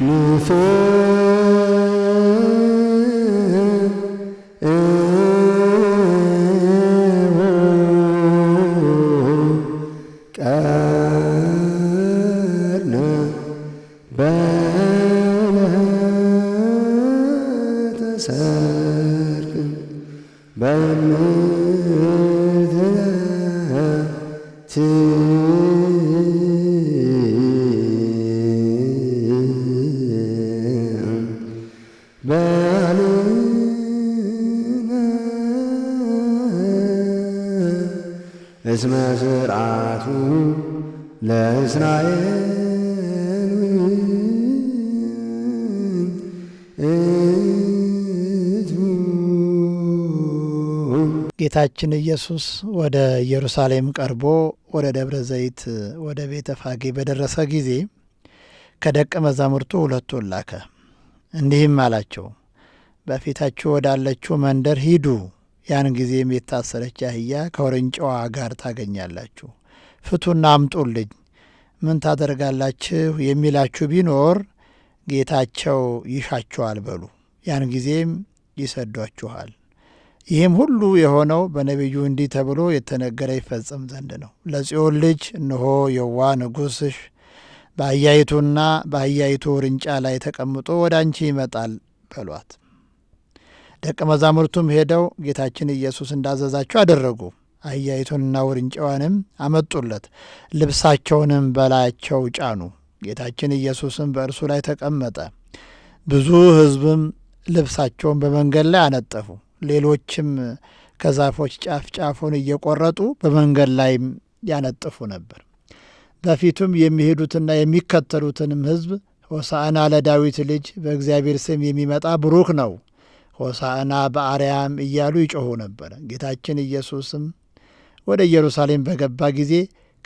Luthor. ኢየሱስ ወደ ኢየሩሳሌም ቀርቦ ወደ ደብረ ዘይት ወደ ቤተ ፋጌ በደረሰ ጊዜ ከደቀ መዛሙርቱ ሁለቱን ላከ፣ እንዲህም አላቸው፣ በፊታችሁ ወዳለችው መንደር ሂዱ። ያን ጊዜም የታሰረች አህያ ከውርንጫዋ ጋር ታገኛላችሁ፣ ፍቱና አምጡልኝ። ምን ታደርጋላችሁ የሚላችሁ ቢኖር ጌታቸው ይሻችኋል በሉ፣ ያን ጊዜም ይሰዷችኋል። ይህም ሁሉ የሆነው በነቢዩ እንዲህ ተብሎ የተነገረ ይፈጸም ዘንድ ነው። ለጽዮን ልጅ እነሆ የዋ ንጉሥሽ በአህያይቱና በአህያይቱ ውርንጫ ላይ ተቀምጦ ወደ አንቺ ይመጣል በሏት። ደቀ መዛሙርቱም ሄደው ጌታችን ኢየሱስ እንዳዘዛቸው አደረጉ። አያይቱንና ውርንጫዋንም አመጡለት፣ ልብሳቸውንም በላያቸው ጫኑ። ጌታችን ኢየሱስም በእርሱ ላይ ተቀመጠ። ብዙ ሕዝብም ልብሳቸውን በመንገድ ላይ አነጠፉ። ሌሎችም ከዛፎች ጫፍ ጫፉን እየቆረጡ በመንገድ ላይም ያነጥፉ ነበር። በፊቱም የሚሄዱትና የሚከተሉትንም ሕዝብ ሆሳዕና ለዳዊት ልጅ በእግዚአብሔር ስም የሚመጣ ብሩክ ነው፣ ሆሳዕና በአርያም እያሉ ይጮኹ ነበር። ጌታችን ኢየሱስም ወደ ኢየሩሳሌም በገባ ጊዜ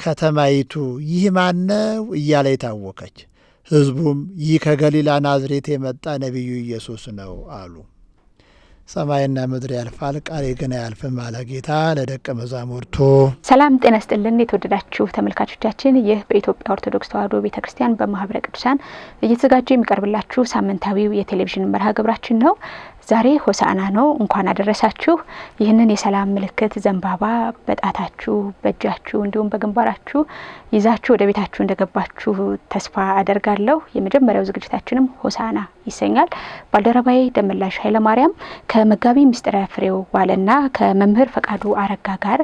ከተማይቱ ይህ ማነው እያለ የታወከች፣ ሕዝቡም ይህ ከገሊላ ናዝሬት የመጣ ነቢዩ ኢየሱስ ነው አሉ። ሰማይና ምድር ያልፋል፣ ቃሌ ግን አያልፍም አለ ጌታ ለደቀ መዛሙርቱ። ሰላም ጤና ስጥልን የተወደዳችሁ ተመልካቾቻችን፣ ይህ በኢትዮጵያ ኦርቶዶክስ ተዋሕዶ ቤተ ክርስቲያን በማህበረ ቅዱሳን እየተዘጋጀ የሚቀርብላችሁ ሳምንታዊው የቴሌቪዥን መርሃ ግብራችን ነው። ዛሬ ሆሳዕና ነው። እንኳን አደረሳችሁ። ይህንን የሰላም ምልክት ዘንባባ በጣታችሁ፣ በእጃችሁ እንዲሁም በግንባራችሁ ይዛችሁ ወደ ቤታችሁ እንደገባችሁ ተስፋ አደርጋለሁ። የመጀመሪያው ዝግጅታችንም ሆሳና ይሰኛል። ባልደረባዬ ደመላሽ ኃይለማርያም ከመጋቢ ምስጢረ ፍሬው ዋለና ከመምህር ፈቃዱ አረጋ ጋር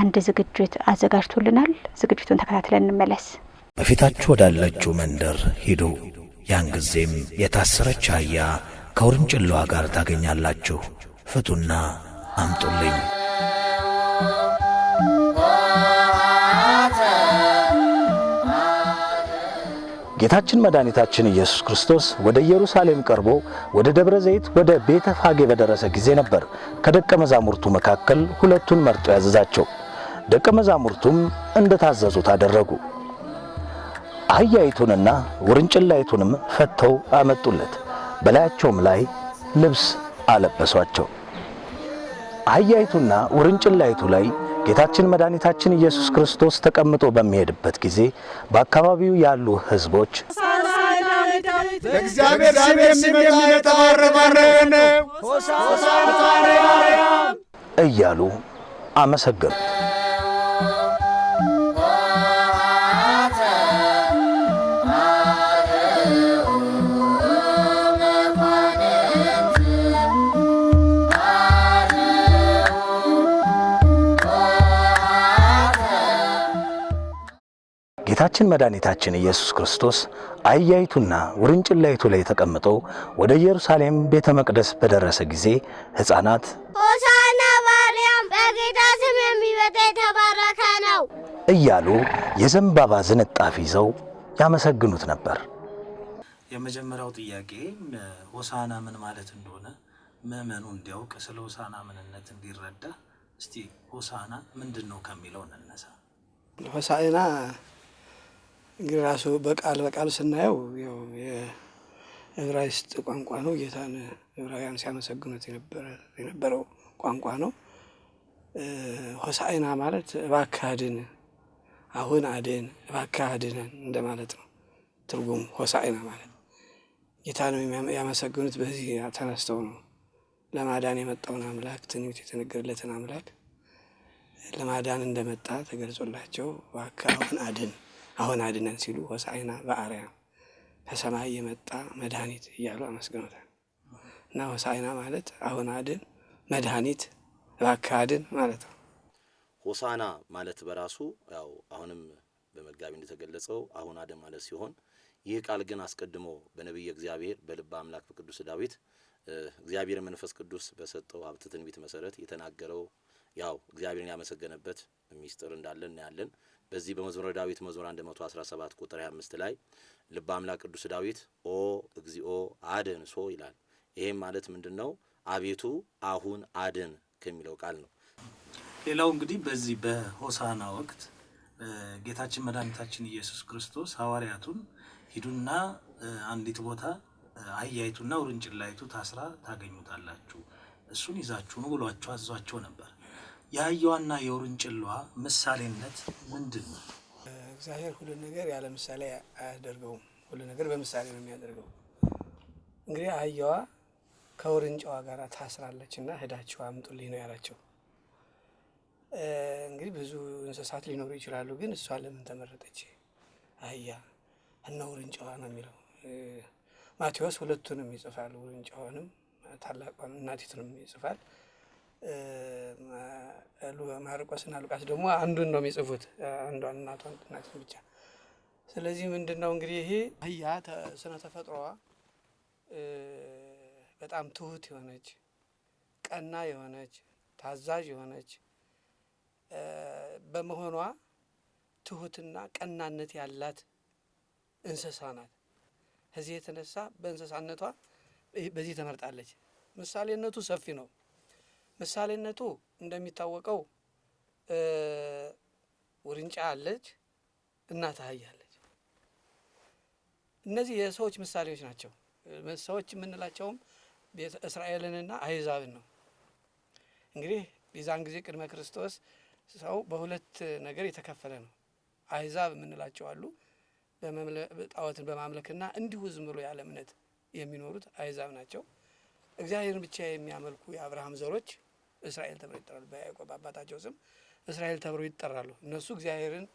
አንድ ዝግጅት አዘጋጅቶልናል። ዝግጅቱን ተከታትለን እንመለስ። በፊታችሁ ወዳለችው መንደር ሂዱ። ያን ጊዜም የታሰረች አህያ ከውርንጭላዋ ጋር ታገኛላችሁ። ፍቱና አምጡልኝ። ጌታችን መድኃኒታችን ኢየሱስ ክርስቶስ ወደ ኢየሩሳሌም ቀርቦ ወደ ደብረ ዘይት ወደ ቤተ ፋጌ በደረሰ ጊዜ ነበር ከደቀ መዛሙርቱ መካከል ሁለቱን መርጦ ያዘዛቸው። ደቀ መዛሙርቱም ታዘዙት አደረጉ። አህያይቱንና ውርንጭላይቱንም ፈተው አመጡለት። በላያቸውም ላይ ልብስ አለበሷቸው። አህያይቱና ውርንጭላይቱ ላይ ጌታችን መድኃኒታችን ኢየሱስ ክርስቶስ ተቀምጦ በሚሄድበት ጊዜ በአካባቢው ያሉ ሕዝቦች እያሉ አመሰገኑት። ጌታችን መድኃኒታችን ኢየሱስ ክርስቶስ አህያይቱና ውርንጭላይቱ ላይ ተቀምጦ ወደ ኢየሩሳሌም ቤተ መቅደስ በደረሰ ጊዜ ሕፃናት ሆሳዕና በአርያም በጌታ ስም የሚመጣ የተባረከ ነው እያሉ የዘንባባ ዝንጣፊ ይዘው ያመሰግኑት ነበር። የመጀመሪያው ጥያቄ ሆሳዕና ምን ማለት እንደሆነ ምዕመኑ እንዲያውቅ ስለ ሆሳዕና ምንነት እንዲረዳ እስቲ ሆሳዕና ምንድን ነው ከሚለው እንነሳ። ሆሳዕና እንግዲህ ራሱ በቃል በቃል ስናየው ያው የዕብራይስጥ ቋንቋ ነው። ጌታን ዕብራውያን ሲያመሰግኑት የነበረው ቋንቋ ነው። ሆሳዕና ማለት እባክህ አድን፣ አሁን አድን፣ እባክህ አድነን እንደማለት ነው ትርጉም ሆሳዕና ማለት ጌታን ያመሰግኑት በዚህ ተነስተው ነው ለማዳን የመጣውን አምላክ ትንቢት የተነገረለትን አምላክ ለማዳን እንደመጣ ተገልጾላቸው እባክህ አሁን አድን አሁን አድነን ሲሉ ሆሳዕና በአርያም ከሰማይ የመጣ መድኃኒት እያሉ አመስግኖታል። እና ሆሳዕና ማለት አሁን አድን መድኃኒት እባክህ አድን ማለት ነው። ሆሳዕና ማለት በራሱ ያው አሁንም በመጋቢ እንደተገለጸው አሁን አድን ማለት ሲሆን ይህ ቃል ግን አስቀድሞ በነቢየ እግዚአብሔር በልበ አምላክ በቅዱስ ዳዊት እግዚአብሔር መንፈስ ቅዱስ በሰጠው ሀብተ ትንቢት መሰረት የተናገረው ያው እግዚአብሔርን ያመሰገነበት ሚስጥር እንዳለ እናያለን። በዚህ በመዝሙረ ዳዊት መዝሙር 117 ቁጥር 25 ላይ ልበ አምላክ ቅዱስ ዳዊት ኦ እግዚኦ አድንሶ ይላል። ይሄም ማለት ምንድን ነው? አቤቱ አሁን አድን ከሚለው ቃል ነው። ሌላው እንግዲህ በዚህ በሆሳና ወቅት ጌታችን መድኃኒታችን ኢየሱስ ክርስቶስ ሐዋርያቱን ሂዱና አንዲት ቦታ አህያይቱና ውርንጭላይቱ ታስራ ታገኙታላችሁ፣ እሱን ይዛችሁ ኑ ብሏቸው አዟቸው ነበር። የአህያዋና የውርንጭላዋ ምሳሌነት ምንድን ነው? እግዚአብሔር ሁሉ ነገር ያለ ምሳሌ አያደርገውም። ሁሉ ነገር በምሳሌ ነው የሚያደርገው። እንግዲህ አህያዋ ከውርንጫዋ ጋር ታስራለች እና ህዳቸው አምጡልኝ ነው ያላቸው። እንግዲህ ብዙ እንስሳት ሊኖሩ ይችላሉ፣ ግን እሷ ለምን ተመረጠች? አህያ እና ውርንጫዋ ነው የሚለው ማቴዎስ። ሁለቱንም ይጽፋል፣ ውርንጫዋንም ታላቋን እናቲቱንም ይጽፋል። ማርቆስና ሉቃስ ደግሞ አንዱን ነው የሚጽፉት፣ አንዷን እናቷን ጥናችን ብቻ። ስለዚህ ምንድን ነው እንግዲህ ይሄ አህያ ስነ ተፈጥሮዋ በጣም ትሁት የሆነች ቀና የሆነች ታዛዥ የሆነች በመሆኗ ትሁትና ቀናነት ያላት እንስሳ ናት። ከዚህ የተነሳ በእንስሳነቷ በዚህ ተመርጣለች። ምሳሌነቱ ሰፊ ነው። ምሳሌነቱ እንደሚታወቀው ውርንጫ አለች፣ እናት አህያ አለች። እነዚህ የሰዎች ምሳሌዎች ናቸው። ሰዎች የምንላቸውም እስራኤልንና አህዛብን ነው። እንግዲህ የዛን ጊዜ ቅድመ ክርስቶስ ሰው በሁለት ነገር የተከፈለ ነው። አህዛብ የምንላቸው አሉ፣ ጣዖትን በማምለክና እንዲሁ ዝም ብሎ ያለ እምነት የሚኖሩት አህዛብ ናቸው። እግዚአብሔርን ብቻ የሚያመልኩ የአብርሃም ዘሮች እስራኤል ተብሎ ይጠራሉ። በያዕቆብ አባታቸው ስም እስራኤል ተብሎ ይጠራሉ። እነሱ እግዚአብሔርን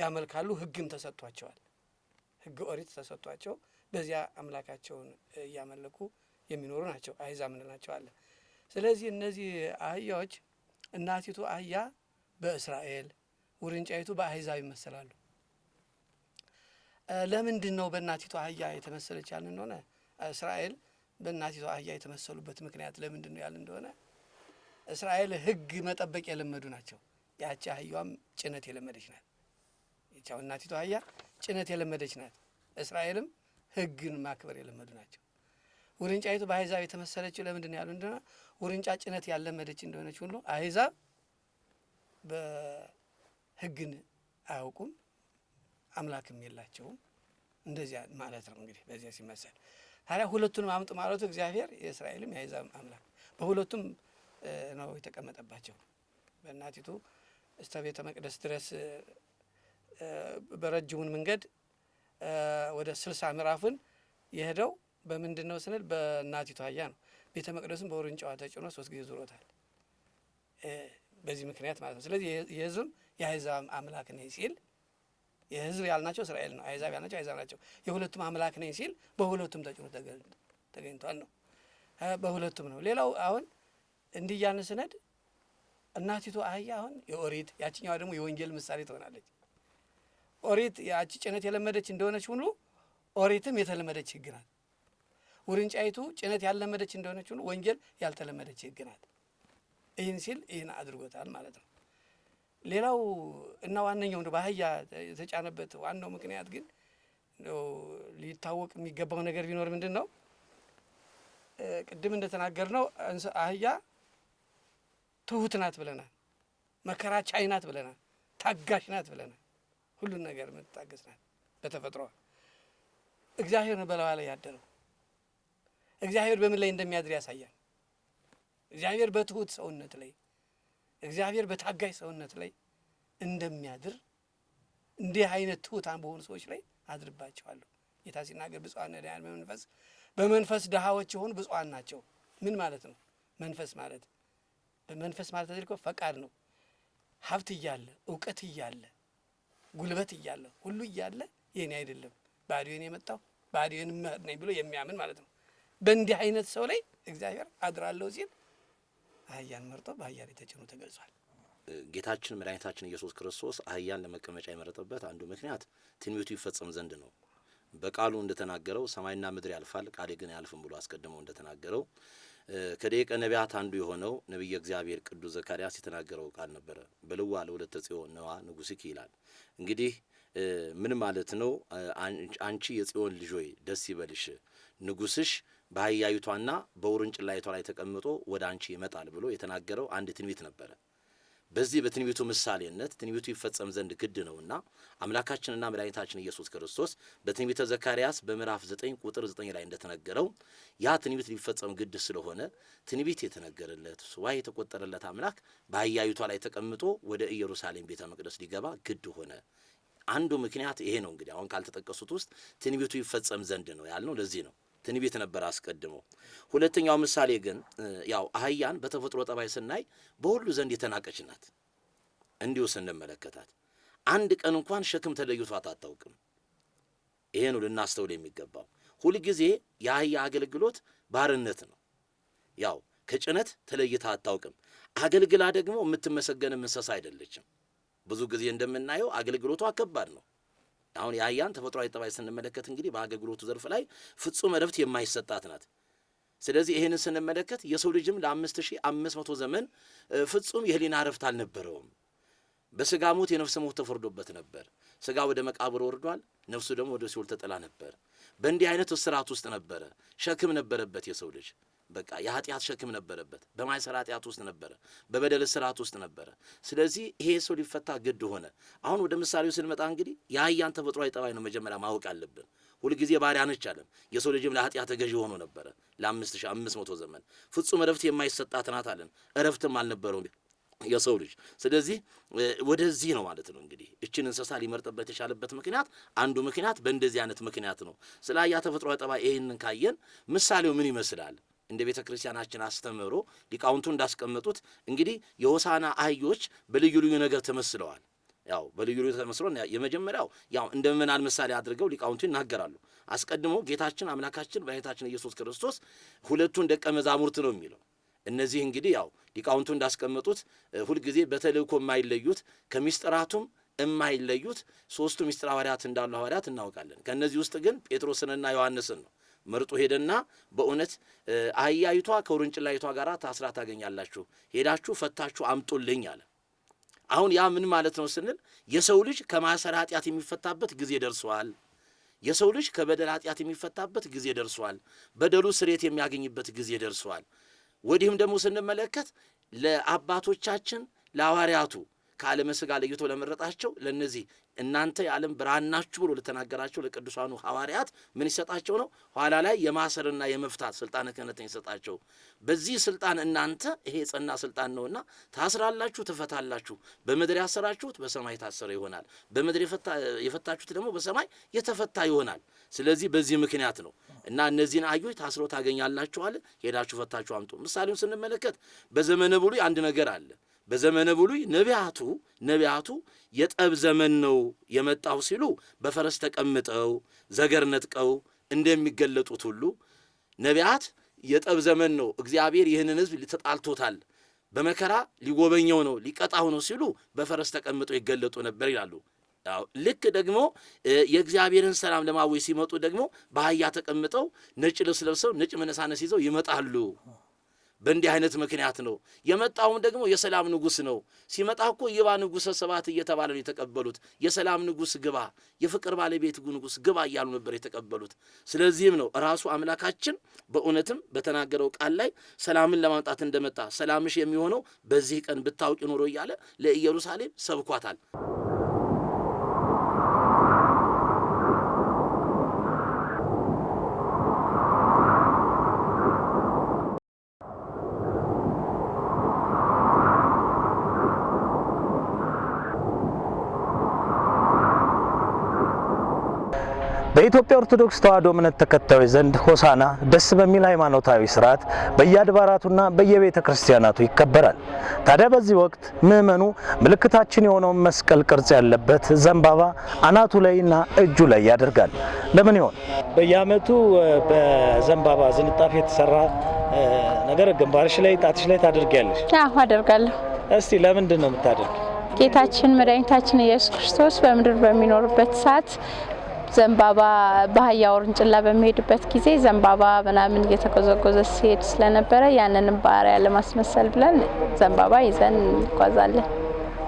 ያመልካሉ። ሕግም ተሰጥቷቸዋል። ሕግ ኦሪት ተሰጥቷቸው በዚያ አምላካቸውን እያመለኩ የሚኖሩ ናቸው። አይዛ እንላቸዋለን። ስለዚህ እነዚህ አህያዎች እናቲቱ አህያ በእስራኤል ውርንጫይቱ በአህዛብ ይመሰላሉ። ለምንድን ነው በእናቲቱ አህያ የተመሰለች ያልን እንደሆነ እስራኤል በእናቲቱ አህያ የተመሰሉበት ምክንያት ለምንድን ነው ያልን እንደሆነ እስራኤል ህግ መጠበቅ የለመዱ ናቸው። ያቺ አህያዋም ጭነት የለመደች ናት። ቻው እናቲቱ አህያ ጭነት የለመደች ናት። እስራኤልም ህግን ማክበር የለመዱ ናቸው። ውርንጫይቱ በአሕዛብ የተመሰለችው ለምንድን ያሉ እንደሆነ ውርንጫ ጭነት ያለመደች እንደሆነች ሁሉ አሕዛብ በህግን አያውቁም፣ አምላክም የላቸውም። እንደዚያ ማለት ነው እንግዲህ በዚያ ሲመሰል ታዲያ ሁለቱንም አምጡ ማለቱ እግዚአብሔር የእስራኤልም የአሕዛብ አምላክ በሁለቱም ነው የተቀመጠባቸው። በእናቲቱ እስተ ቤተ መቅደስ ድረስ በረጅሙን መንገድ ወደ ስልሳ ምዕራፉን የሄደው በምንድን ነው ስንል በእናቲቱ አህያ ነው። ቤተ መቅደሱን በውርንጫዋ ተጭኖ ሶስት ጊዜ ዙሮታል። በዚህ ምክንያት ማለት ነው። ስለዚህ የህዝብም የአሕዛብ አምላክ ነኝ ሲል የህዝብ ያልናቸው እስራኤል ነው። አሕዛብ ያልናቸው አሕዛብ ናቸው። የሁለቱም አምላክ ነኝ ሲል በሁለቱም ተጭኖ ተገኝቷል ነው። በሁለቱም ነው። ሌላው አሁን እንዲህ እያልን ስነድ እናቲቱ አህያ አሁን የኦሪት ያችኛዋ ደግሞ የወንጌል ምሳሌ ትሆናለች። ኦሪት ያቺ ጭነት የለመደች እንደሆነች ሁሉ ኦሪትም የተለመደች ሕግ ናት። ውርንጫይቱ ጭነት ያልለመደች እንደሆነች ሁሉ ወንጌል ያልተለመደች ሕግ ናት። ይህን ሲል ይህን አድርጎታል ማለት ነው። ሌላው እና ዋነኛው ነው በአህያ የተጫነበት ዋናው ምክንያት ግን ሊታወቅ የሚገባው ነገር ቢኖር ምንድን ነው? ቅድም እንደተናገር ነው አህያ ትሁት ናት ብለናል። መከራ ቻይ ናት ብለናል። ታጋሽ ናት ብለናል። ሁሉን ነገር የምትታገስ ናት በተፈጥሮ እግዚአብሔር ነው በላዋ ላይ ያደረው። እግዚአብሔር በምን ላይ እንደሚያድር ያሳያል። እግዚአብሔር በትሁት ሰውነት ላይ፣ እግዚአብሔር በታጋሽ ሰውነት ላይ እንደሚያድር እንዲህ አይነት ትሁታን በሆኑ ሰዎች ላይ አድርባቸዋለሁ። ጌታ ሲናገር ብፁዓን ነዳያን በመንፈስ በመንፈስ ድሃዎች የሆኑ ብፁዓን ናቸው። ምን ማለት ነው? መንፈስ ማለት በመንፈስ ማለት ተደርጎ ፈቃድ ነው። ሀብት እያለ እውቀት እያለ ጉልበት እያለ ሁሉ እያለ የኔ አይደለም ባዲዮን የመጣው ባዲዮን ምህር ነኝ ብሎ የሚያምን ማለት ነው። በእንዲህ አይነት ሰው ላይ እግዚአብሔር አድራለሁ ሲል አህያን መርጦ በአህያ ላይ ተጭኖ ተገልጿል። ጌታችን መድኃኒታችን ኢየሱስ ክርስቶስ አህያን ለመቀመጫ የመረጠበት አንዱ ምክንያት ትንቢቱ ይፈጸም ዘንድ ነው። በቃሉ እንደተናገረው ሰማይና ምድር ያልፋል፣ ቃሌ ግን አያልፍም ብሎ አስቀድሞ እንደተናገረው ከደቂቀ ነቢያት አንዱ የሆነው ነቢየ እግዚአብሔር ቅዱስ ዘካርያስ የተናገረው ቃል ነበረ። በልዋ ወለተ ጽዮን ነዋ ንጉሥኪ ይላል። እንግዲህ ምን ማለት ነው? አንቺ የጽዮን ልጆይ ደስ ይበልሽ፣ ንጉሥሽ በአህያይቷና በውርንጭላይቷ ላይ ተቀምጦ ወደ አንቺ ይመጣል ብሎ የተናገረው አንድ ትንቢት ነበረ። በዚህ በትንቢቱ ምሳሌነት ትንቢቱ ይፈጸም ዘንድ ግድ ነውና አምላካችንና መድኃኒታችን ኢየሱስ ክርስቶስ በትንቢተ ዘካርያስ በምዕራፍ 9 ቁጥር 9 ላይ እንደተነገረው ያ ትንቢት ሊፈጸም ግድ ስለሆነ ትንቢት የተነገረለት ስዋ የተቆጠረለት አምላክ በአህያይቷ ላይ ተቀምጦ ወደ ኢየሩሳሌም ቤተ መቅደስ ሊገባ ግድ ሆነ። አንዱ ምክንያት ይሄ ነው። እንግዲህ አሁን ካልተጠቀሱት ውስጥ ትንቢቱ ይፈጸም ዘንድ ነው ያልነው ለዚህ ነው። ትንቢት ነበር አስቀድሞ። ሁለተኛው ምሳሌ ግን ያው አህያን በተፈጥሮ ጠባይ ስናይ በሁሉ ዘንድ የተናቀች ናት። እንዲሁ ስንመለከታት አንድ ቀን እንኳን ሸክም ተለይቷት አታውቅም። ይሄ ነው ልናስተውል የሚገባው። ሁልጊዜ የአህያ አገልግሎት ባርነት ነው። ያው ከጭነት ተለይታ አታውቅም። አገልግላ ደግሞ የምትመሰገንም እንስሳ አይደለችም። ብዙ ጊዜ እንደምናየው አገልግሎቷ ከባድ ነው። አሁን የአህያን ተፈጥሯዊ ጠባይ ስንመለከት እንግዲህ በአገልግሎቱ ዘርፍ ላይ ፍጹም እረፍት የማይሰጣት ናት። ስለዚህ ይህንን ስንመለከት የሰው ልጅም ለአምስት ሺህ አምስት መቶ ዘመን ፍጹም የህሊና እረፍት አልነበረውም። በስጋ ሞት የነፍስ ሞት ተፈርዶበት ነበር። ስጋ ወደ መቃብር ወርዷል፣ ነፍሱ ደግሞ ወደ ሲኦል ተጥላ ነበር። በእንዲህ አይነት እስራት ውስጥ ነበረ። ሸክም ነበረበት የሰው ልጅ። በቃ የኃጢአት ሸክም ነበረበት። በማይሰራ ኃጢአት ውስጥ ነበረ። በበደል ስርዓት ውስጥ ነበረ። ስለዚህ ይሄ ሰው ሊፈታ ግድ ሆነ። አሁን ወደ ምሳሌው ስንመጣ እንግዲህ የአህያን ተፈጥሯዊ ጠባይ ነው መጀመሪያ ማወቅ አለብን። ሁልጊዜ ባሪያ ነች አለን። የሰው ልጅም ለኃጢአት ገዢ ሆኖ ነበረ ለአምስት ሺህ አምስት መቶ ዘመን ፍጹም እረፍት የማይሰጣት ናት አለን። እረፍትም አልነበረውም የሰው ልጅ ስለዚህ ወደዚህ ነው ማለት ነው። እንግዲህ እችን እንስሳ ሊመርጥበት የቻለበት ምክንያት አንዱ ምክንያት በእንደዚህ አይነት ምክንያት ነው። ስለ አህያ ተፈጥሯዊ ጠባይ ይህንን ካየን ምሳሌው ምን ይመስላል? እንደ ቤተ ክርስቲያናችን አስተምህሮ ሊቃውንቱ እንዳስቀመጡት እንግዲህ የሆሳና አህዮች በልዩ ልዩ ነገር ተመስለዋል። ያው በልዩ ልዩ ተመስሎ የመጀመሪያው ያው እንደ ምዕመናን ምሳሌ አድርገው ሊቃውንቱ ይናገራሉ። አስቀድሞ ጌታችን አምላካችን መድኃኒታችን ኢየሱስ ክርስቶስ ሁለቱን ደቀ መዛሙርት ነው የሚለው። እነዚህ እንግዲህ ያው ሊቃውንቱ እንዳስቀመጡት ሁልጊዜ በተልእኮ የማይለዩት ከሚስጥራቱም የማይለዩት ሶስቱ ሚስጥር ሐዋርያት እንዳሉ ሐዋርያት እናውቃለን። ከእነዚህ ውስጥ ግን ጴጥሮስንና ዮሐንስን ነው መርጦ ሄደና በእውነት አህያይቷ ከውርንጭላይቷ ጋር ታስራ ታገኛላችሁ፣ ሄዳችሁ ፈታችሁ አምጡልኝ አለ። አሁን ያ ምን ማለት ነው ስንል የሰው ልጅ ከማሰር ኃጢአት የሚፈታበት ጊዜ ደርሷል። የሰው ልጅ ከበደል ኃጢአት የሚፈታበት ጊዜ ደርሷል። በደሉ ስሬት የሚያገኝበት ጊዜ ደርሷል። ወዲህም ደግሞ ስንመለከት ለአባቶቻችን ለሐዋርያቱ ከዓለመ ሥጋ ለይቶ ለመረጣቸው ለእነዚህ እናንተ የዓለም ብርሃን ናችሁ ብሎ ለተናገራቸው ለቅዱሳኑ ሐዋርያት ምን ይሰጣቸው ነው? ኋላ ላይ የማሰርና የመፍታት ስልጣነ ክህነትን ይሰጣቸው። በዚህ ስልጣን እናንተ ይሄ የጸና ስልጣን ነውና ታስራላችሁ፣ ትፈታላችሁ። በምድር ያሰራችሁት በሰማይ የታሰረ ይሆናል፣ በምድር የፈታችሁት ደግሞ በሰማይ የተፈታ ይሆናል። ስለዚህ በዚህ ምክንያት ነው እና እነዚህን አህዮች ታስረው ታገኛላችኋል፣ ሄዳችሁ ፈታችሁ አምጡ። ምሳሌውን ስንመለከት በዘመነ ብሉይ አንድ ነገር አለ በዘመነ ብሉይ ነቢያቱ ነቢያቱ የጠብ ዘመን ነው የመጣው ሲሉ በፈረስ ተቀምጠው ዘገር ነጥቀው እንደሚገለጡት ሁሉ ነቢያት የጠብ ዘመን ነው፣ እግዚአብሔር ይህንን ሕዝብ ተጣልቶታል፣ በመከራ ሊጎበኘው ነው፣ ሊቀጣው ነው ሲሉ በፈረስ ተቀምጠው ይገለጡ ነበር ይላሉ። ልክ ደግሞ የእግዚአብሔርን ሰላም ለማወጅ ሲመጡ ደግሞ በአህያ ተቀምጠው ነጭ ልብስ ለብሰው ነጭ መነሳነስ ይዘው ይመጣሉ። በእንዲህ አይነት ምክንያት ነው የመጣውም። ደግሞ የሰላም ንጉስ ነው። ሲመጣ እኮ ይባ ንጉሰ ሰባት እየተባለ ነው የተቀበሉት። የሰላም ንጉስ ግባ፣ የፍቅር ባለቤት ንጉስ ግባ እያሉ ነበር የተቀበሉት። ስለዚህም ነው ራሱ አምላካችን በእውነትም በተናገረው ቃል ላይ ሰላምን ለማምጣት እንደመጣ ሰላምሽ የሚሆነው በዚህ ቀን ብታውቂ ኖሮ እያለ ለኢየሩሳሌም ሰብኳታል። በኢትዮጵያ ኦርቶዶክስ ተዋሕዶ እምነት ተከታዮች ዘንድ ሆሳና ደስ በሚል ሃይማኖታዊ ስርዓት በየአድባራቱና በየቤተ ክርስቲያናቱ ይከበራል። ታዲያ በዚህ ወቅት ምዕመኑ ምልክታችን የሆነውን መስቀል ቅርጽ ያለበት ዘንባባ አናቱ ላይና እጁ ላይ ያደርጋል። ለምን ይሆን? በየዓመቱ በዘንባባ ዝንጣፍ የተሰራ ነገር ግንባርሽ ላይ ጣትሽ ላይ ታደርጊያለሽ? አዎ አደርጋለሁ። እስቲ ለምንድን ነው የምታደርግ? ጌታችን መድኃኒታችን ኢየሱስ ክርስቶስ በምድር በሚኖርበት ሰዓት ዘንባባ ባህያ ውርንጭላ በሚሄድበት ጊዜ ዘንባባ ምናምን እየተጎዘጎዘ ሲሄድ ስለነበረ ያንንም ባህሪያ ለማስመሰል ብለን ዘንባባ ይዘን እንጓዛለን።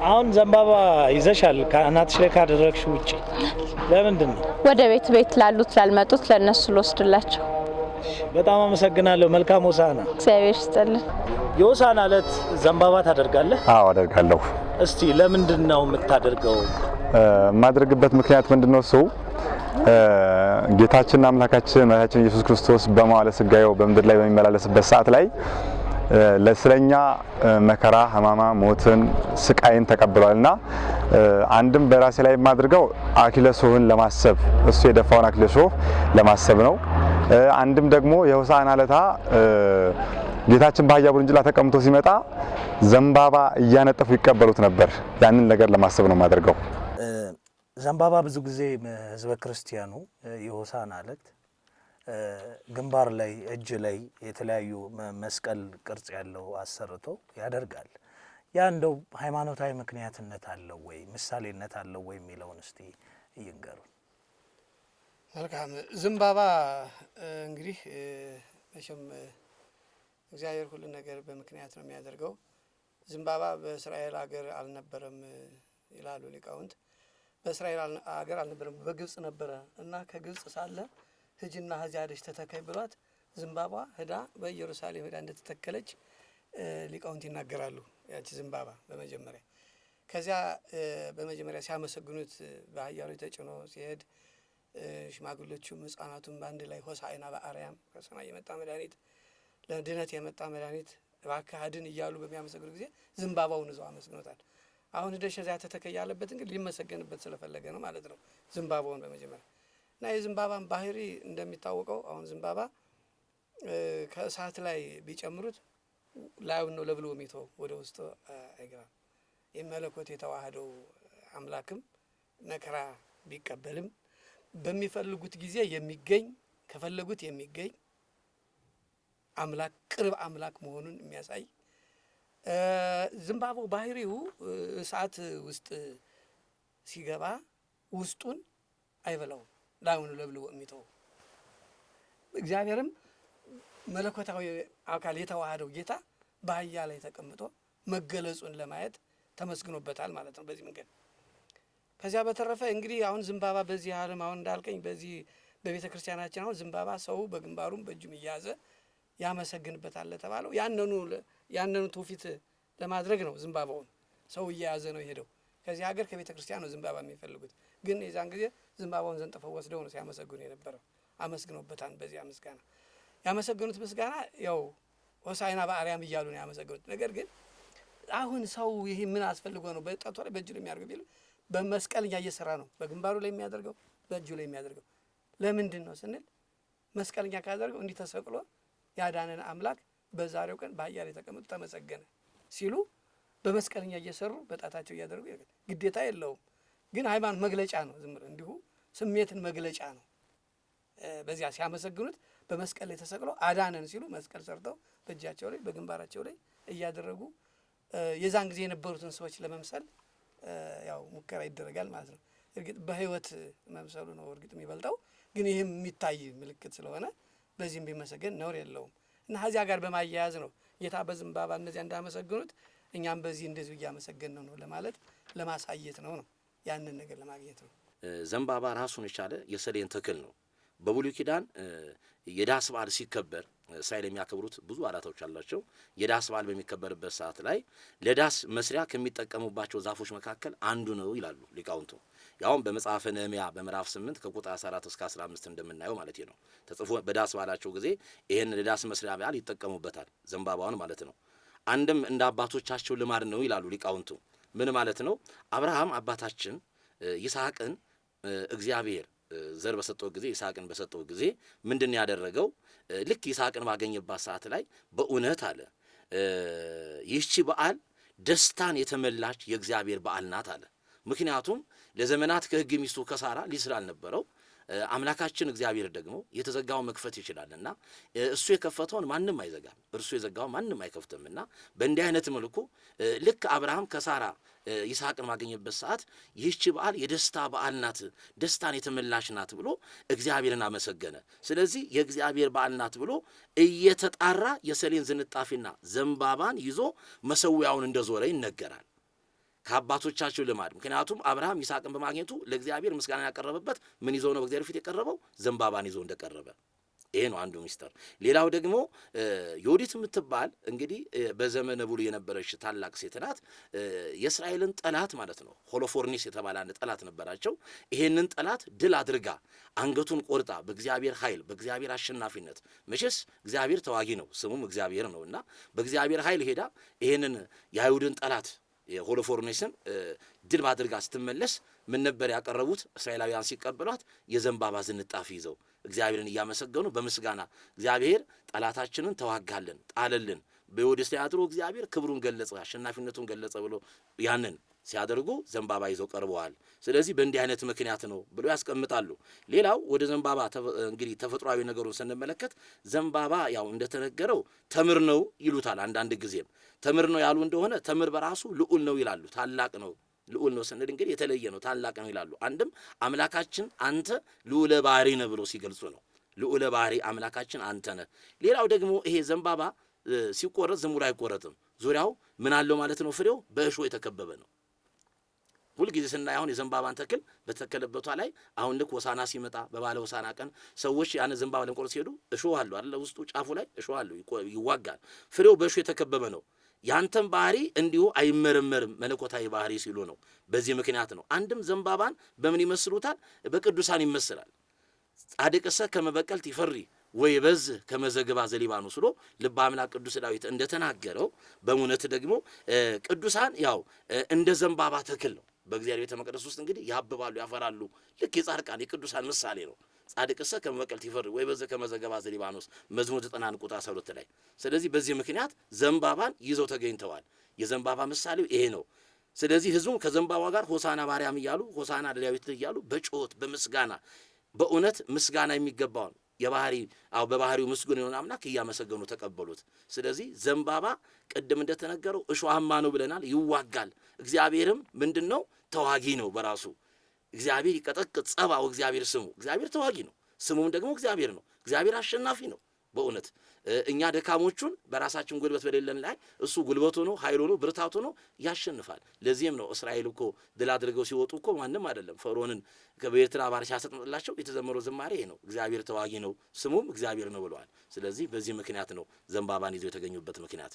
አሁን ዘንባባ ይዘሻል ከእናትሽ ላይ ካደረግሽ ውጭ ለምንድን ነው? ወደ ቤት ቤት ላሉት ላልመጡት ለእነሱ ልወስድላቸው። በጣም አመሰግናለሁ። መልካም ሆሳዕና። እግዚአብሔር ይስጥልን። የሆሳዕና ዕለት ዘንባባ ታደርጋለህ? አዎ አደርጋለሁ። እስቲ ለምንድን ነው የምታደርገው? የማደርግበት ምክንያት ምንድን ነው? ሰው ጌታችንና አምላካችን መድኃኒታችን ኢየሱስ ክርስቶስ በመዋለ ስጋዌው በምድር ላይ በሚመላለስበት ሰዓት ላይ ለስለኛ መከራ፣ ህማማ ሞትን፣ ስቃይን ተቀብሏልና አንድም በራሴ ላይ የማድርገው አክሊለ ለማሰብ እሱ የደፋውን አክሊለ ለማሰብ ነው። አንድም ደግሞ የሆሳዕና ዕለት ጌታችን በአህያ ቡርንጭላ ተቀምጦ ሲመጣ ዘንባባ እያነጠፉ ይቀበሉት ነበር። ያንን ነገር ለማሰብ ነው የማደርገው። ዘንባባ ብዙ ጊዜ ህዝበ ክርስቲያኑ የሆሳዕና ዕለት ግንባር ላይ እጅ ላይ የተለያዩ መስቀል ቅርጽ ያለው አሰርቶ ያደርጋል። ያ እንደው ሃይማኖታዊ ምክንያትነት አለው ወይ ምሳሌነት አለው ወይ የሚለውን እስቲ ይንገሩ። መልካም ዘንባባ እንግዲህ መቼም እግዚአብሔር ሁሉን ነገር በምክንያት ነው የሚያደርገው። ዘንባባ በእስራኤል ሀገር አልነበረም ይላሉ ሊቃውንት በእስራኤል አገር አልነበረም፣ በግብፅ ነበረ እና ከግብፅ ሳለ ህጅና ሀዚያ ሄደሽ ተተካይ ብሏት ዝንባባ ህዳ በኢየሩሳሌም ህዳ እንደተተከለች ሊቃውንት ይናገራሉ። ያቺ ዝንባባ በመጀመሪያ ከዚያ በመጀመሪያ ሲያመሰግኑት በአህያሉ ተጭኖ ሲሄድ ሽማግሎቹም ህጻናቱም በአንድ ላይ ሆሳዕና በአርያም ከሰማይ የመጣ መድኃኒት ለድነት የመጣ መድኃኒት እባክህ አድን እያሉ በሚያመሰግኑ ጊዜ ዝንባባውን እዛው አመስግኖታል። አሁን ሂደሽ እዚያ ተተከይ ያለበት እንግዲህ ሊመሰገንበት ስለፈለገ ነው ማለት ነው። ዘንባባውን በመጀመሪያ እና የዘንባባን ባህሪ እንደሚታወቀው አሁን ዘንባባ ከእሳት ላይ ቢጨምሩት ላዩን ነው ለብሎ ሚቶ ወደ ውስጥ አይገባም። የመለኮት የተዋህደው አምላክም መከራ ቢቀበልም በሚፈልጉት ጊዜ የሚገኝ ከፈለጉት የሚገኝ አምላክ ቅርብ አምላክ መሆኑን የሚያሳይ ዝንባባው ባህሪው እሳት ውስጥ ሲገባ ውስጡን አይበላውም፣ ላዩን ለብልቦ የሚተው እግዚአብሔርም መለኮታዊ አካል የተዋህደው ጌታ በአህያ ላይ ተቀምጦ መገለጹን ለማየት ተመስግኖበታል ማለት ነው። በዚህ መንገድ ከዚያ በተረፈ እንግዲህ አሁን ዘንባባ በዚህ ዓለም አሁን እንዳልከኝ በዚህ በቤተ ክርስቲያናችን አሁን ዘንባባ ሰው በግንባሩም በእጁም እያያዘ ያመሰግንበታል ለተባለው ያንኑ ያንኑ ትውፊት ለማድረግ ነው ዝንባባውን ሰው እየያዘ ነው የሄደው። ከዚህ ሀገር ከቤተ ክርስቲያን ነው ዝንባባ የሚፈልጉት። ግን የዛን ጊዜ ዝንባባውን ዘንጥፈው ወስደው ነው ሲያመሰግኑ የነበረው። አመስግኖበታል። በዚያ ምስጋና ያመሰግኑት ምስጋና ያው ሆሳይና በአርያም እያሉ ነው ያመሰግኑት። ነገር ግን አሁን ሰው ይህ ምን አስፈልጎ ነው በጣቱ ላይ በእጁ ላይ የሚያደርገው ቢል በመስቀልኛ እየሰራ ነው። በግንባሩ ላይ የሚያደርገው በእጁ ላይ የሚያደርገው ለምንድን ነው ስንል መስቀልኛ ካደርገው እንዲህ ተሰቅሎ ያዳነን አምላክ በዛሬው ቀን በአያሌ ተቀምጡ ተመሰገነ ሲሉ በመስቀልኛ እየሰሩ በጣታቸው እያደረጉ ግዴታ የለውም ግን ሃይማኖት መግለጫ ነው። ዝም እንዲሁ ስሜትን መግለጫ ነው። በዚያ ሲያመሰግኑት በመስቀል ላይ ተሰቅለው አዳነን ሲሉ መስቀል ሰርተው በእጃቸው ላይ በግንባራቸው ላይ እያደረጉ የዛን ጊዜ የነበሩትን ሰዎች ለመምሰል ያው ሙከራ ይደረጋል ማለት ነው። እርግጥ በህይወት መምሰሉ ነው እርግጥ የሚበልጠው፣ ግን ይህም የሚታይ ምልክት ስለሆነ በዚህም ቢመሰገን ነውር የለውም። እና ከዚያ ጋር በማያያዝ ነው ጌታ በዘንባባ እነዚያ እንዳመሰግኑት እኛም በዚህ እንደዚሁ እያመሰገን ነው ነው ለማለት ለማሳየት ነው ነው ያንን ነገር ለማግኘት ነው። ዘንባባ ራሱን የቻለ የሰሌን ተክል ነው። በብሉይ ኪዳን የዳስ በዓል ሲከበር እስራኤል የሚያከብሩት ብዙ አራታዎች አላቸው። የዳስ በዓል በሚከበርበት ሰዓት ላይ ለዳስ መስሪያ ከሚጠቀሙባቸው ዛፎች መካከል አንዱ ነው ይላሉ ሊቃውንቱ። ያውም በመጽሐፈ ነህምያ በምዕራፍ 8 ከቁጥር 14 እስከ 15 እንደምናየው ማለት ነው ተጽፎ በዳስ በዓላቸው ጊዜ ይህን ለዳስ መስሪያ በዓል ይጠቀሙበታል፣ ዘንባባውን ማለት ነው። አንድም እንደ አባቶቻቸው ልማድ ነው ይላሉ ሊቃውንቱ። ምን ማለት ነው? አብርሃም አባታችን ይስሐቅን እግዚአብሔር ዘር በሰጠው ጊዜ ይስሐቅን በሰጠው ጊዜ ምንድን ያደረገው ልክ ይስሐቅን ባገኘባት ሰዓት ላይ በእውነት አለ ይህቺ በዓል ደስታን የተመላች የእግዚአብሔር በዓል ናት አለ። ምክንያቱም ለዘመናት ከሕግ ሚስቱ ከሳራ ልጅ ስላልነበረው አምላካችን እግዚአብሔር ደግሞ የተዘጋው መክፈት ይችላልና እሱ የከፈተውን ማንም አይዘጋም፣ እርሱ የዘጋው ማንም አይከፍትምና በእንዲህ አይነት መልኩ ልክ አብርሃም ከሳራ ይስሐቅን ማገኘበት ሰዓት ይህች በዓል የደስታ በዓል ናት፣ ደስታን የተመላሽ ናት ብሎ እግዚአብሔርን አመሰገነ። ስለዚህ የእግዚአብሔር በዓል ናት ብሎ እየተጣራ የሰሌን ዝንጣፊና ዘንባባን ይዞ መሰዊያውን እንደዞረ ይነገራል። ከአባቶቻቸው ልማድ ምክንያቱም አብርሃም ይስሐቅን በማግኘቱ ለእግዚአብሔር ምስጋና ያቀረበበት ምን ይዞ ነው? በእግዚአብሔር ፊት የቀረበው ዘንባባን ይዞ እንደቀረበ ይሄ ነው አንዱ ሚስጥር። ሌላው ደግሞ ዮዲት የምትባል እንግዲህ በዘመነ ቡሉ የነበረች ታላቅ ሴት ናት። የእስራኤልን ጠላት ማለት ነው ሆሎፎርኒስ የተባለ አንድ ጠላት ነበራቸው። ይሄንን ጠላት ድል አድርጋ አንገቱን ቆርጣ በእግዚአብሔር ኃይል በእግዚአብሔር አሸናፊነት መቼስ እግዚአብሔር ተዋጊ ነው፣ ስሙም እግዚአብሔር ነው እና በእግዚአብሔር ኃይል ሄዳ ይሄንን የአይሁድን ጠላት የሆሎፎርኔስን ድል አድርጋ ስትመለስ ምን ነበር ያቀረቡት? እስራኤላውያን ሲቀበሏት የዘንባባ ዝንጣፊ ይዘው እግዚአብሔርን እያመሰገኑ በምስጋና እግዚአብሔር ጠላታችንን ተዋጋልን፣ ጣለልን፣ በዮድስያ አድሮ እግዚአብሔር ክብሩን ገለጸ፣ አሸናፊነቱን ገለጸ ብሎ ያንን ሲያደርጉ ዘንባባ ይዘው ቀርበዋል። ስለዚህ በእንዲህ አይነት ምክንያት ነው ብሎ ያስቀምጣሉ። ሌላው ወደ ዘንባባ እንግዲህ ተፈጥሯዊ ነገሩን ስንመለከት ዘንባባ ያው እንደተነገረው ተምር ነው ይሉታል። አንዳንድ ጊዜም ተምር ነው ያሉ እንደሆነ ተምር በራሱ ልዑል ነው ይላሉ፣ ታላቅ ነው ልዑል ነው ስንል እንግዲህ የተለየ ነው፣ ታላቅ ነው ይላሉ። አንድም አምላካችን አንተ ልዑለ ባህሪ ነህ ብሎ ሲገልጹ ነው። ልዑለ ባህሪ አምላካችን አንተ ነህ። ሌላው ደግሞ ይሄ ዘንባባ ሲቆረጥ ዝም ብሎ አይቆረጥም። ዙሪያው ምን አለው ማለት ነው? ፍሬው በእሾ የተከበበ ነው። ሁልጊዜ ስናይ አሁን የዘንባባን ተክል በተከለበቷ ላይ አሁን ልክ ወሳና ሲመጣ በባለ ወሳና ቀን ሰዎች ያን ዘንባባ ለመቆረጥ ሲሄዱ እሾህ አለው አለ ውስጡ ጫፉ ላይ እሾህ አለው፣ ይዋጋል። ፍሬው በእሾህ የተከበበ ነው። ያንተን ባህሪ እንዲሁ አይመረመርም መለኮታዊ ባህሪ ሲሉ ነው። በዚህ ምክንያት ነው። አንድም ዘንባባን በምን ይመስሉታል? በቅዱሳን ይመስላል። ጻድቅሰ ከመበቀል ቲፈሪ ወይ በዝህ ከመዘግባ ዘሊባኖስ ብሎ ልበ አምላክ ቅዱስ ዳዊት እንደተናገረው በእውነት ደግሞ ቅዱሳን ያው እንደ ዘንባባ ተክል ነው። በእግዚአብሔር ቤተ መቅደስ ውስጥ እንግዲህ ያብባሉ፣ ያፈራሉ። ልክ የጻድቃን የቅዱሳን ምሳሌ ነው። ጻድቅ ሰ ከመበቀል ይፈሪ ወይ በዘ ከመዘገባ ዘሊባኖስ መዝሙር 91 ቁጥር 12 ላይ። ስለዚህ በዚህ ምክንያት ዘንባባን ይዘው ተገኝተዋል። የዘንባባ ምሳሌው ይሄ ነው። ስለዚህ ህዝቡም ከዘንባባ ጋር ሆሳና ባርያም እያሉ ሆሳና ለዳዊት እያሉ በጩኸት በምስጋና በእውነት ምስጋና የሚገባውን የባህሪ አዎ በባህሪው ምስጉን የሆነ አምላክ እያመሰገኑ ተቀበሉት። ስለዚህ ዘንባባ ቅድም እንደተነገረው እሾሃማ ነው ብለናል፣ ይዋጋል። እግዚአብሔርም ምንድን ነው? ተዋጊ ነው በራሱ እግዚአብሔር ይቀጠቅጥ ጸባው እግዚአብሔር ስሙ እግዚአብሔር ተዋጊ ነው። ስሙም ደግሞ እግዚአብሔር ነው። እግዚአብሔር አሸናፊ ነው በእውነት እኛ ደካሞቹን በራሳችን ጉልበት በሌለን ላይ እሱ ጉልበት ሆኖ ኃይል ሆኖ ብርታት ሆኖ ያሸንፋል። ለዚህም ነው እስራኤል እኮ ድል አድርገው ሲወጡ እኮ ማንም አይደለም ፈርዖንን በኤርትራ ባሕር ሲያሰጥምጥላቸው የተዘመረው ዝማሬ ይሄ ነው፣ እግዚአብሔር ተዋጊ ነው ስሙም እግዚአብሔር ነው ብለዋል። ስለዚህ በዚህ ምክንያት ነው ዘንባባን ይዘው የተገኙበት ምክንያት።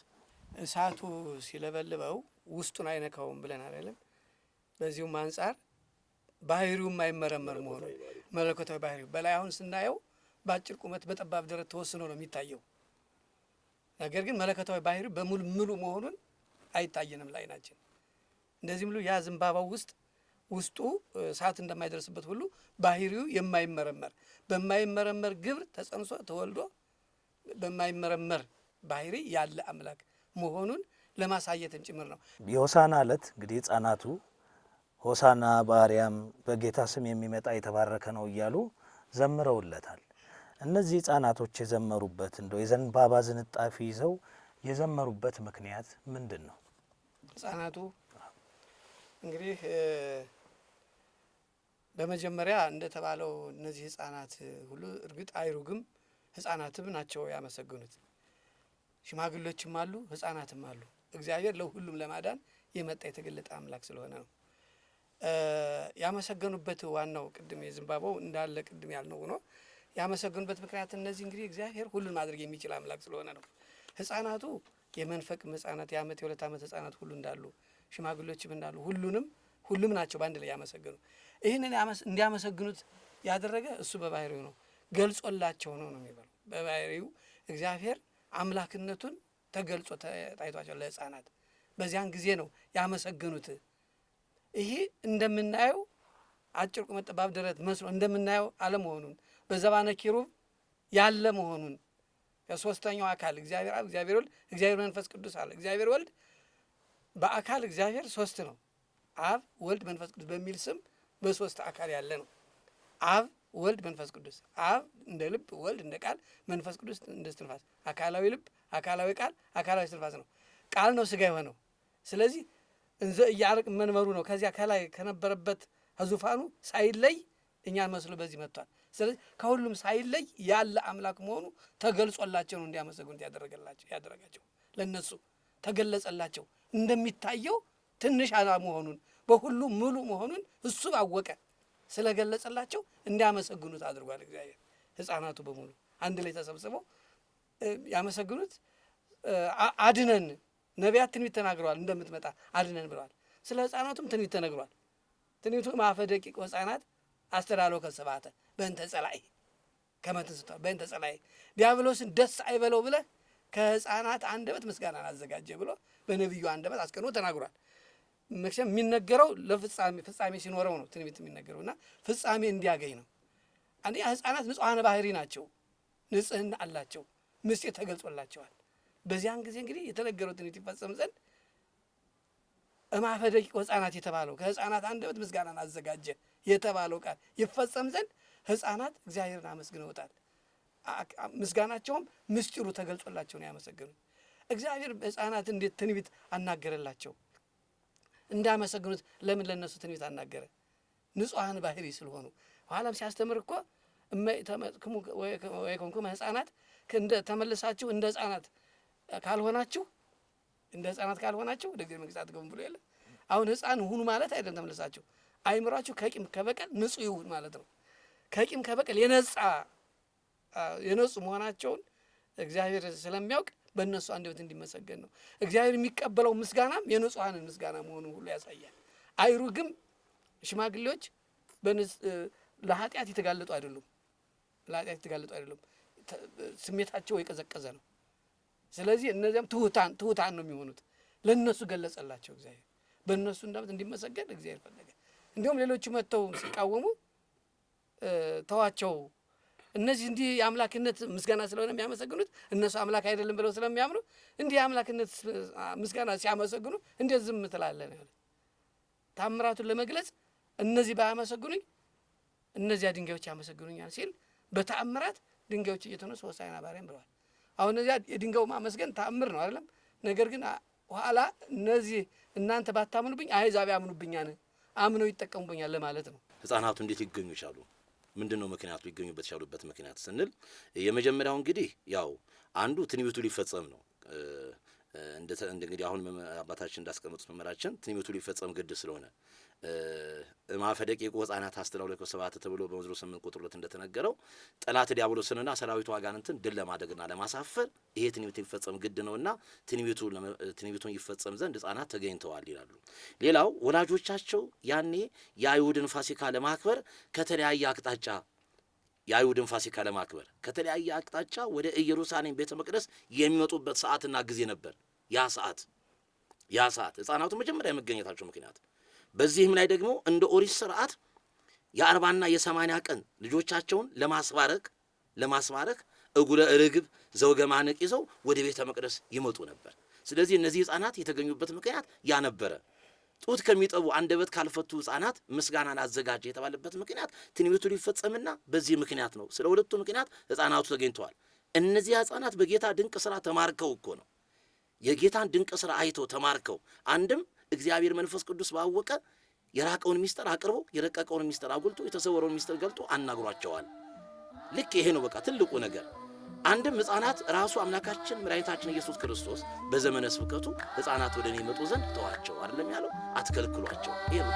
እሳቱ ሲለበልበው ውስጡን አይነካውም ብለን አይደለም። በዚሁም አንጻር ባህሪው የማይመረመር መሆኑ መለኮታዊ ባህሪው በላይ አሁን ስናየው በአጭር ቁመት በጠባብ ደረት ተወስኖ ነው የሚታየው። ነገር ግን መለከታዊ ባህሪ በሙሉ ምሉ መሆኑን አይታየንም ላይ ናችን። እንደዚህ ያ ዘንባባው ውስጥ ውስጡ ሰዓት እንደማይደርስበት ሁሉ ባህሪው የማይመረመር በማይመረመር ግብር ተጸንሶ ተወልዶ በማይመረመር ባህሪ ያለ አምላክ መሆኑን ለማሳየትም ጭምር ነው። የሆሳና ዕለት እንግዲህ ህጻናቱ ሆሳና በአርያም በጌታ ስም የሚመጣ የተባረከ ነው እያሉ ዘምረውለታል። እነዚህ ህጻናቶች የዘመሩበት እንደው የዘንባባ ዝንጣፊ ይዘው የዘመሩበት ምክንያት ምንድን ነው? ህጻናቱ እንግዲህ በመጀመሪያ እንደተባለው እነዚህ ህጻናት ሁሉ እርግጥ አይሩግም ህጻናትም ናቸው ያመሰግኑት። ሽማግሎችም አሉ፣ ህጻናትም አሉ። እግዚአብሔር ለሁሉም ለማዳን የመጣ የተገለጠ አምላክ ስለሆነ ነው ያመሰገኑበት። ዋናው ቅድም የዘንባባው እንዳለ ቅድም ያልነው ነው። ያመሰገኑበት ምክንያት እነዚህ እንግዲህ እግዚአብሔር ሁሉን ማድረግ የሚችል አምላክ ስለሆነ ነው። ህጻናቱ የመንፈቅም ህጻናት የአመት የሁለት ዓመት ህጻናት ሁሉ እንዳሉ ሽማግሌዎችም እንዳሉ ሁሉንም ሁሉም ናቸው በአንድ ላይ ያመሰገኑ። ይህንን እንዲያመሰግኑት ያደረገ እሱ በባህሪው ነው፣ ገልጾላቸው ነው ነው የሚባለው። በባህሪው እግዚአብሔር አምላክነቱን ተገልጾ ታይቷቸው ለህጻናት በዚያን ጊዜ ነው ያመሰገኑት። ይሄ እንደምናየው አጭር ቁመት ጠባብ ደረት መስሎ እንደምናየው አለመሆኑን በዘባነ ኪሩብ ያለ መሆኑን የሶስተኛው አካል እግዚአብሔር አብ፣ እግዚአብሔር ወልድ፣ እግዚአብሔር መንፈስ ቅዱስ አለ። እግዚአብሔር ወልድ በአካል እግዚአብሔር ሶስት ነው። አብ፣ ወልድ፣ መንፈስ ቅዱስ በሚል ስም በሶስት አካል ያለ ነው። አብ፣ ወልድ፣ መንፈስ ቅዱስ። አብ እንደ ልብ፣ ወልድ እንደ ቃል፣ መንፈስ ቅዱስ እንደ እስትንፋስ። አካላዊ ልብ፣ አካላዊ ቃል፣ አካላዊ እስትንፋስ ነው። ቃል ነው ስጋ የሆነው። ስለዚህ እንዘ እያርቅ መንበሩ ነው። ከዚያ ከላይ ከነበረበት ከዙፋኑ ሳይለይ እኛን መስሎ በዚህ መጥቷል። ስለዚህ ከሁሉም ሳይለይ ያለ አምላክ መሆኑ ተገልጾላቸው ነው እንዲያመሰግኑት ያደረጋቸው ለነሱ ተገለጸላቸው። እንደሚታየው ትንሽ አላ መሆኑን በሁሉ ሙሉ መሆኑን እሱ አወቀ። ስለገለጸላቸው እንዲያመሰግኑት አድርጓል እግዚአብሔር። ህፃናቱ በሙሉ አንድ ላይ ተሰብስበው ያመሰግኑት። አድነን ነቢያት ትንቢት ተናግረዋል፣ እንደምትመጣ አድነን ብለዋል። ስለ ሕፃናቱም ትንቢት ተነግሯል። ትንቢቱ ማፈ ደቂቅ አስተዳሎ ከሰባተ በእንተ ጸላይ ከመ ትንሥቶ በእንተ ጸላይ ዲያብሎስን ደስ አይበለው ብለህ ከሕፃናት አንደበት ምስጋናን አዘጋጀ ብሎ በነቢዩ አንደበት አስቀድሞ ተናግሯል። መቼም የሚነገረው ለፍጻሜ ፍጻሜ ሲኖረው ነው ትንቢት የሚነገረው እና ፍጻሜ እንዲያገኝ ነው። አንደኛ ህፃናት ንጹሐነ ባህሪ ናቸው፣ ንጽህና አላቸው፣ ምስጢር ተገልጾላቸዋል። በዚያን ጊዜ እንግዲህ የተነገረው ትንቢት ይፈጸም ዘንድ እማፈ ህፃናት ሕፃናት የተባለው ከሕፃናት አንደበት ምስጋናን አዘጋጀ የተባለው ቃል ይፈጸም ዘንድ ህፃናት እግዚአብሔርን አመስግነውታል። ምስጋናቸውም ምስጢሩ ተገልጾላቸው ነው ያመሰገኑት። እግዚአብሔር ህፃናት እንዴት ትንቢት አናገረላቸው? እንዳመሰግኑት ለምን ለነሱ ትንቢት አናገረ? ንጹሐን ባህሪ ስለሆኑ ኋላም ሲያስተምር እኮ ወይኮንኩም ሕፃናት ተመልሳችሁ እንደ ሕፃናት ካልሆናችሁ እንደ ሕፃናት ካልሆናችሁ ወደ እግዚአብሔር መንግሥት አትገቡም ብሎ የለ። አሁን ህፃን ሁኑ ማለት አይደለም ተመልሳችሁ አይምሯችሁ ከቂም ከበቀል ንጹህ ይሁን ማለት ነው። ከቂም ከበቀል የነጻ የነጹ መሆናቸውን እግዚአብሔር ስለሚያውቅ በእነሱ አንደበት እንዲመሰገን ነው። እግዚአብሔር የሚቀበለው ምስጋናም የንጹሐንን ምስጋና መሆኑን ሁሉ ያሳያል። አይሩግም ሽማግሌዎች ለኃጢአት የተጋለጡ አይደሉም። ለኃጢአት የተጋለጡ አይደሉም። ስሜታቸው የቀዘቀዘ ነው። ስለዚህ እነዚያም ትሑታን ትሑታን ነው የሚሆኑት። ለእነሱ ገለጸላቸው እግዚአብሔር በእነሱ እንዳመት እንዲመሰገን እግዚአብሔር ፈለገ። እንዲሁም ሌሎቹ መጥተው ሲቃወሙ ተዋቸው፣ እነዚህ እንዲህ የአምላክነት ምስጋና ስለሆነ የሚያመሰግኑት እነሱ አምላክ አይደለም ብለው ስለሚያምኑ እንዲህ የአምላክነት ምስጋና ሲያመሰግኑ እንዴት ዝም ትላለን? ያለ ታምራቱን ለመግለጽ እነዚህ ባያመሰግኑኝ እነዚያ ድንጋዮች ያመሰግኑኛል ሲል በተአምራት ድንጋዮች እየተነሱ ሆሳዕና በአርያም ብለዋል። አሁን እነዚያ የድንጋዩ ማመስገን ተአምር ነው አይደለም። ነገር ግን ኋላ እነዚህ እናንተ ባታምኑብኝ አይዛብ ያምኑብኛን አምነው ይጠቀሙበኛል ለማለት ነው። ህጻናቱ እንዴት ሊገኙ ይቻሉ? ምንድን ነው ምክንያቱ? ሊገኙበት የቻሉበት ምክንያት ስንል የመጀመሪያው እንግዲህ ያው አንዱ ትንቢቱ ሊፈጸም ነው። እንግዲህ አሁን አባታችን እንዳስቀመጡት መመራችን ትንቢቱ ሊፈጸም ግድ ስለሆነ ማፈደቂቁ ህጻናት አስተላው ለኮ ሰባት ተብሎ በመዝሙር ስምንት ቁጥር ሁለት እንደተነገረው ጠላት ዲያብሎስንና ሰራዊቱ አጋንንትን ድል ለማድረግና ለማሳፈር ይሄ ትንቢት ይፈጸም ግድ ነውና ትንቢቱን ይፈጸም ዘንድ ህጻናት ተገኝተዋል ይላሉ። ሌላው ወላጆቻቸው ያኔ የአይሁድን ፋሲካ ለማክበር ከተለያየ አቅጣጫ የአይሁድን ፋሲካ ለማክበር ከተለያየ አቅጣጫ ወደ ኢየሩሳሌም ቤተ መቅደስ የሚመጡበት ሰዓትና ጊዜ ነበር። ያ ሰዓት ያ ሰዓት ህጻናቱ መጀመሪያ የመገኘታቸው ምክንያት በዚህም ላይ ደግሞ እንደ ኦሪት ስርዓት የአርባና የሰማንያ ቀን ልጆቻቸውን ለማስባረክ ለማስባረክ እጉለ ርግብ ዘውገ ማነቅ ይዘው ወደ ቤተ መቅደስ ይመጡ ነበር። ስለዚህ እነዚህ ሕፃናት የተገኙበት ምክንያት ያነበረ ጡት ከሚጠቡ አንደበት ካልፈቱ ሕፃናት ምስጋናን አዘጋጀ የተባለበት ምክንያት ትንቢቱ ሊፈጸምና በዚህ ምክንያት ነው። ስለ ሁለቱ ምክንያት ሕፃናቱ ተገኝተዋል። እነዚያ ሕፃናት በጌታ ድንቅ ሥራ ተማርከው እኮ ነው። የጌታን ድንቅ ሥራ አይተው ተማርከው አንድም እግዚአብሔር መንፈስ ቅዱስ ባወቀ የራቀውን ሚስጥር አቅርቦ የረቀቀውን ሚስጥር አጉልቶ የተሰወረውን ሚስጥር ገልጦ አናግሯቸዋል። ልክ ይሄ ነው በቃ ትልቁ ነገር። አንድም ሕፃናት ራሱ አምላካችን መድኃኒታችን ኢየሱስ ክርስቶስ በዘመነ ስብከቱ ሕፃናት ወደ እኔ ይመጡ ዘንድ ተዋቸው አይደለም ያለው፣ አትከልክሏቸው። ይሄ ነው